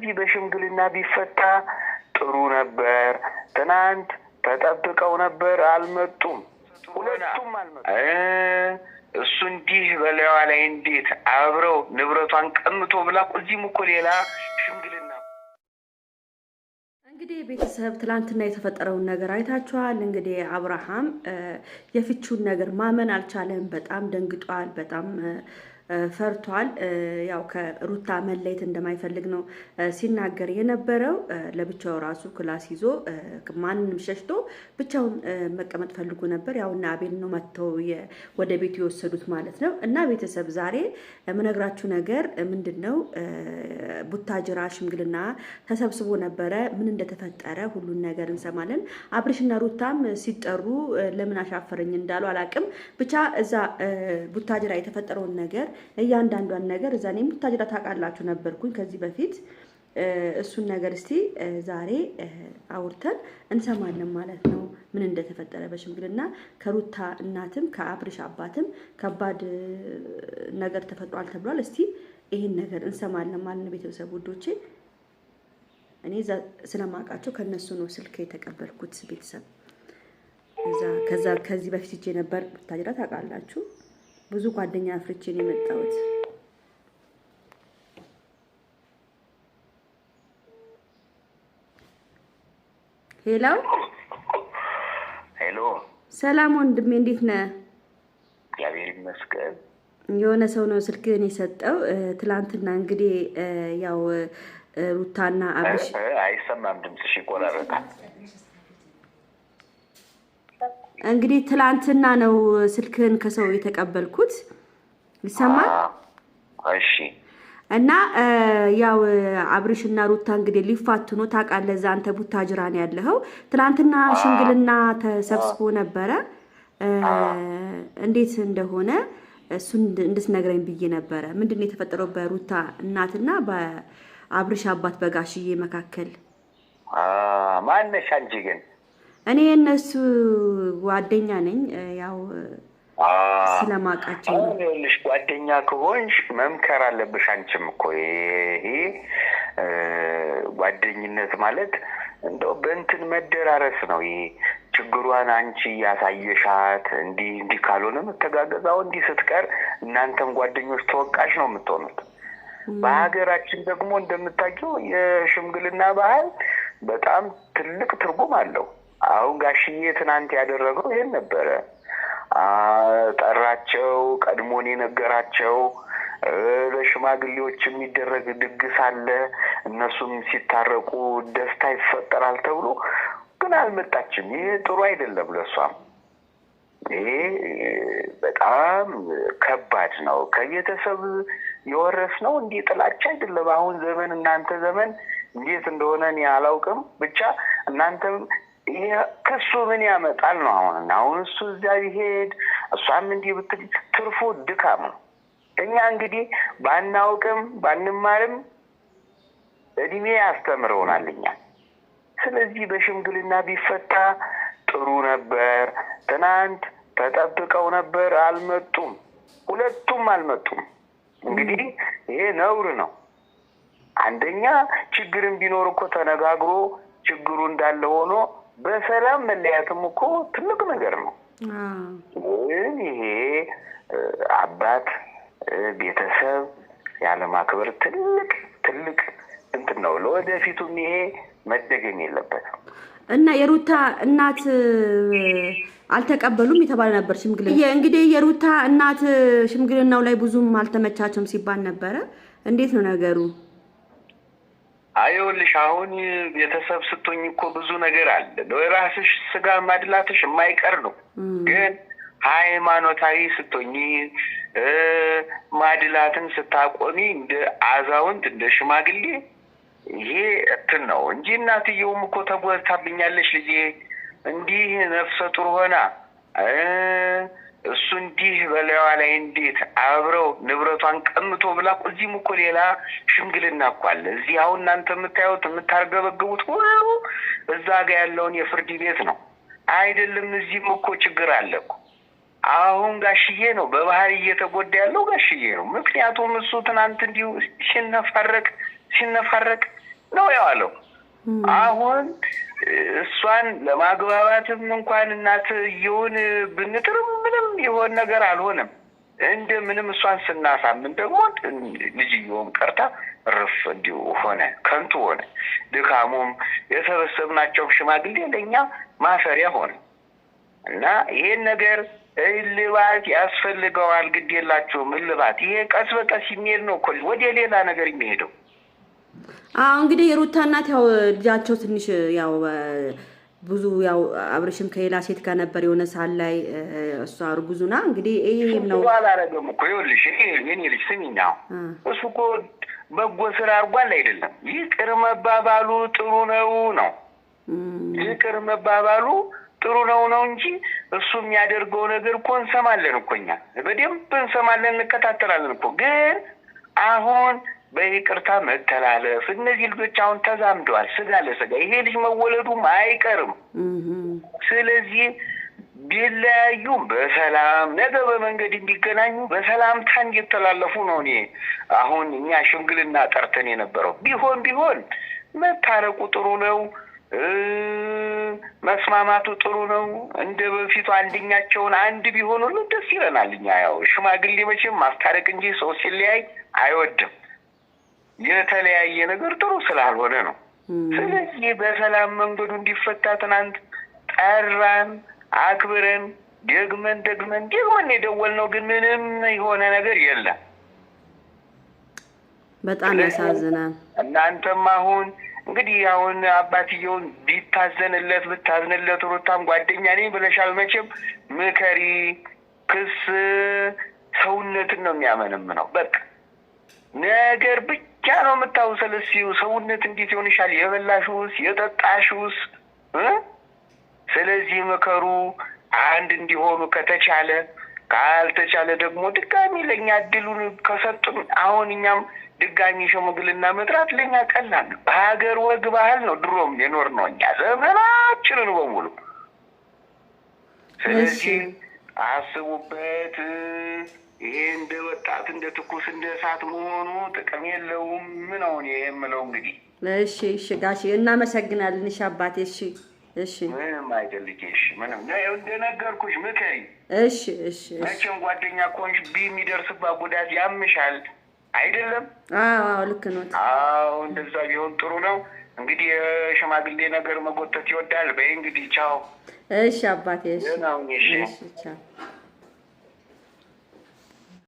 በዚህ በሽምግልና ቢፈታ ጥሩ ነበር። ትናንት ተጠብቀው ነበር፣ አልመጡም። ሁለቱም አልመጡም። እሱ እንዲህ በላዋ ላይ እንዴት አብረው ንብረቷን ቀምቶ ብላ እዚህም እኮ ሌላ ሽምግልና እንግዲህ ቤተሰብ ትላንትና የተፈጠረውን ነገር አይታችኋል። እንግዲህ አብርሃም የፍቹን ነገር ማመን አልቻለም። በጣም ደንግጧል። በጣም ፈርቷል። ያው ከሩታ መለየት እንደማይፈልግ ነው ሲናገር የነበረው። ለብቻው ራሱ ክላስ ይዞ ማንንም ሸሽቶ ብቻውን መቀመጥ ፈልጎ ነበር። ያው እና አቤል ነው መጥተው ወደ ቤቱ የወሰዱት ማለት ነው። እና ቤተሰብ ዛሬ የምነግራችሁ ነገር ምንድን ነው፣ ቡታጅራ ሽምግልና ተሰብስቦ ነበረ። ምን እንደተፈጠረ ሁሉን ነገር እንሰማለን። አብርሽና ሩታም ሲጠሩ ለምን አሻፈረኝ እንዳሉ አላቅም። ብቻ እዛ ቡታጅራ የተፈጠረውን ነገር እያንዳንዷን ነገር እዛ እኔ ሙታጅራ ታውቃላችሁ ነበርኩኝ ከዚህ በፊት እሱን ነገር እስቲ ዛሬ አውርተን እንሰማለን ማለት ነው፣ ምን እንደተፈጠረ በሽምግልና ከሩታ እናትም ከአብርሽ አባትም ከባድ ነገር ተፈጥሯል ተብሏል። እስቲ ይህን ነገር እንሰማለን ማለት ነው። ቤተሰብ ውዶቼ፣ እኔ ስለማውቃቸው ከእነሱ ነው ስልክ የተቀበልኩት። ቤተሰብ ከዛ ከዚህ በፊት እጄ ነበር ታጅራ ታውቃላችሁ። ብዙ ጓደኛ አፍርቼ ነው የመጣሁት። ሄሎ ሄሎ፣ ሰላም ወንድሜ፣ እንዴት ነህ? እግዚአብሔር ይመስገን። የሆነ ሰው ነው ስልክህን የሰጠው። ትላንትና እንግዲህ ያው ሩታና አብሽ አይሰማም፣ ድምፅሽ ይቆራረጣል። እንግዲህ ትላንትና ነው ስልክህን ከሰው የተቀበልኩት። ይሰማል? እሺ። እና ያው አብርሽና ሩታ እንግዲህ ሊፋትኑ ነው ታውቃለህ። እዛ አንተ ቡታጅራ ነው ያለኸው። ትላንትና ሽምግልና ተሰብስቦ ነበረ። እንዴት እንደሆነ እሱን እንድትነግረኝ ብዬ ነበረ። ምንድን ነው የተፈጠረው በሩታ እናትና በአብርሽ አባት በጋሽዬ መካከል? ማነሽ አንቺ ግን እኔ የእነሱ ጓደኛ ነኝ። ያው ስለማውቃቸው ነው። ይኸውልሽ ጓደኛ ከሆንሽ መምከር አለብሽ። አንቺም እኮ ይሄ ጓደኝነት ማለት እንደው በእንትን መደራረስ ነው። ይሄ ችግሯን አንቺ እያሳየሻት እንዲህ እንዲህ ካልሆነ መተጋገዛው እንዲህ ስትቀር እናንተም ጓደኞች ተወቃሽ ነው የምትሆኑት። በሀገራችን ደግሞ እንደምታውቂው የሽምግልና ባህል በጣም ትልቅ ትርጉም አለው። አሁን ጋሽዬ ትናንት ያደረገው ይሄን ነበረ። ጠራቸው፣ ቀድሞን የነገራቸው ለሽማግሌዎች የሚደረግ ድግስ አለ፣ እነሱም ሲታረቁ ደስታ ይፈጠራል ተብሎ ግን አልመጣችም። ይሄ ጥሩ አይደለም ለእሷም ይሄ በጣም ከባድ ነው። ከቤተሰብ የወረስ ነው እንዲህ ጥላቻ አይደለም። አሁን ዘመን እናንተ ዘመን እንዴት እንደሆነ እኔ አላውቅም። ብቻ እናንተም ከሱ ምን ያመጣል ነው አሁን አሁን እሱ እዚያ ቢሄድ እሷም እንዲህ ብትል ትርፉ ድካም ነው። እኛ እንግዲህ ባናውቅም ባንማርም እድሜ ያስተምረውናል እኛ። ስለዚህ በሽምግልና ቢፈታ ጥሩ ነበር። ትናንት ተጠብቀው ነበር፣ አልመጡም። ሁለቱም አልመጡም። እንግዲህ ይሄ ነውር ነው። አንደኛ ችግርን ቢኖር እኮ ተነጋግሮ ችግሩ እንዳለ ሆኖ በሰላም መለያትም እኮ ትልቅ ነገር ነው። ግን ይሄ አባት ቤተሰብ ያለማክበር ትልቅ ትልቅ እንትን ነው። ለወደፊቱም ይሄ መደገም የለበትም እና የሩታ እናት አልተቀበሉም የተባለ ነበር። ሽምግልና እንግዲህ የሩታ እናት ሽምግልናው ላይ ብዙም አልተመቻቸም ሲባል ነበረ። እንዴት ነው ነገሩ? አይውልሽ አሁን ቤተሰብ ስትሆኝ እኮ ብዙ ነገር አለ። ለራስሽ ስጋ ማድላትሽ የማይቀር ነው። ግን ሃይማኖታዊ ስትሆኝ ማድላትን ስታቆሚ እንደ አዛውንት እንደ ሽማግሌ ይሄ እንትን ነው እንጂ እናትየውም እኮ ተጎድታብኛለች ልጄ እንዲህ ነፍሰ ጡር ሆና እሱ እንዲህ በላዋ ላይ እንዴት አብረው ንብረቷን ቀምቶ ብላ እዚህም እኮ ሌላ ሽምግልና እኮ አለ። እዚህ አሁን እናንተ የምታዩት የምታርገበግቡት ሁሉ እዛ ጋ ያለውን የፍርድ ቤት ነው አይደለም። እዚህም እኮ ችግር አለ እኮ አሁን ጋሽዬ ነው በባህር እየተጎዳ ያለው ጋሽዬ ነው። ምክንያቱም እሱ ትናንት እንዲሁ ሲነፋረቅ ሲነፋረቅ ነው ያዋለው። አሁን እሷን ለማግባባትም እንኳን እናትየውን ብንጥርም ምንም ምንም የሆን ነገር አልሆነም። እንደ ምንም እሷን ስናሳምን ደግሞ ልጅየውም ቀርታ ርፍ እንዲሁ ሆነ፣ ከንቱ ሆነ። ድካሙም የሰበሰብናቸው ሽማግሌ ለእኛ ማፈሪያ ሆነ እና ይሄን ነገር እልባት ያስፈልገዋል። ግድ የላቸውም እልባት። ይሄ ቀስ በቀስ የሚሄድ ነው እኮ ወደ ሌላ ነገር የሚሄደው። አዎ እንግዲህ የሩታ እናት ያው ልጃቸው ትንሽ ያው ብዙ ያው አብረሽም ከሌላ ሴት ጋር ነበር የሆነ ሳል ላይ እሷ እርጉዙና እንግዲህ ይሄም ነው አላረገም እኮ ይኸውልሽ፣ የኔ ልጅ ስሚኛው እሱ እኮ በጎ ስራ አርጓል አይደለም። ይቅር መባባሉ ጥሩ ነው ነው ይቅር መባባሉ ጥሩ ነው ነው እንጂ እሱ የሚያደርገው ነገር እኮ እንሰማለን እኮ እኛ በደንብ እንሰማለን እንከታተላለን እኮ ግን አሁን በይቅርታ መተላለፍ። እነዚህ ልጆች አሁን ተዛምደዋል፣ ስጋ ለስጋ ይሄ ልጅ መወለዱም አይቀርም። ስለዚህ ቢለያዩም በሰላም ነገ በመንገድ እንዲገናኙ በሰላምታ እንዲተላለፉ ነው። እኔ አሁን እኛ ሽምግልና ጠርተን የነበረው ቢሆን ቢሆን መታረቁ ጥሩ ነው፣ መስማማቱ ጥሩ ነው። እንደ በፊቱ አንድኛቸውን አንድ ቢሆን ሁሉ ደስ ይለናል። እኛ ያው ሽማግሌ መቼም ማስታረቅ እንጂ ሰው ሲለያይ አይወድም። የተለያየ ነገር ጥሩ ስላልሆነ ነው። ስለዚህ በሰላም መንገዱ እንዲፈታ ትናንት ጠራን፣ አክብረን ደግመን ደግመን ደግመን የደወልነው ግን ምንም የሆነ ነገር የለም። በጣም ያሳዝናል። እናንተም አሁን እንግዲህ አሁን አባትየውን ቢታዘንለት ብታዝንለት፣ ሩታም ጓደኛ ነኝ ብለሻል መቼም ምከሪ። ክስ ሰውነትን ነው የሚያመንም ነው በቃ ነገር ብቻ ነው የምታውሰለሲው። ሰውነት እንዴት ይሆንሻል? የበላሽውስ የጠጣሽውስ? ስለዚህ ምከሩ፣ አንድ እንዲሆኑ ከተቻለ ካልተቻለ ደግሞ ድጋሚ ለእኛ እድሉን ከሰጡን አሁን እኛም ድጋሚ ሽምግልና መጥራት ለእኛ ቀላል ነው። በሀገር ወግ ባህል ነው ድሮም የኖር ነው እኛ ዘመናችንን በሙሉ። ስለዚህ አስቡበት። ይሄ እንደ ወጣት እንደ ትኩስ እንደ እሳት መሆኑ ጥቅም የለውም ነው እኔ የምለው። እንግዲህ እሺ፣ እሺ ጋሽ እናመሰግናለን። እሺ አባቴ፣ እሺ፣ እሺ፣ ምንም አይደልጅ። እሺ፣ ምንም እንደነገርኩሽ ምከሪ። እሺ፣ እሺ። መቼም ጓደኛ ኮንሽ ቢ የሚደርስባት ጉዳት ያምሻል አይደለም? አዎ፣ ልክ ነው። አዎ፣ እንደዛ ቢሆን ጥሩ ነው። እንግዲህ የሽማግሌ ነገር መጎተት ይወዳል። በይ እንግዲህ ቻው። እሺ አባቴ፣ እሺ፣ እሺ፣ ቻው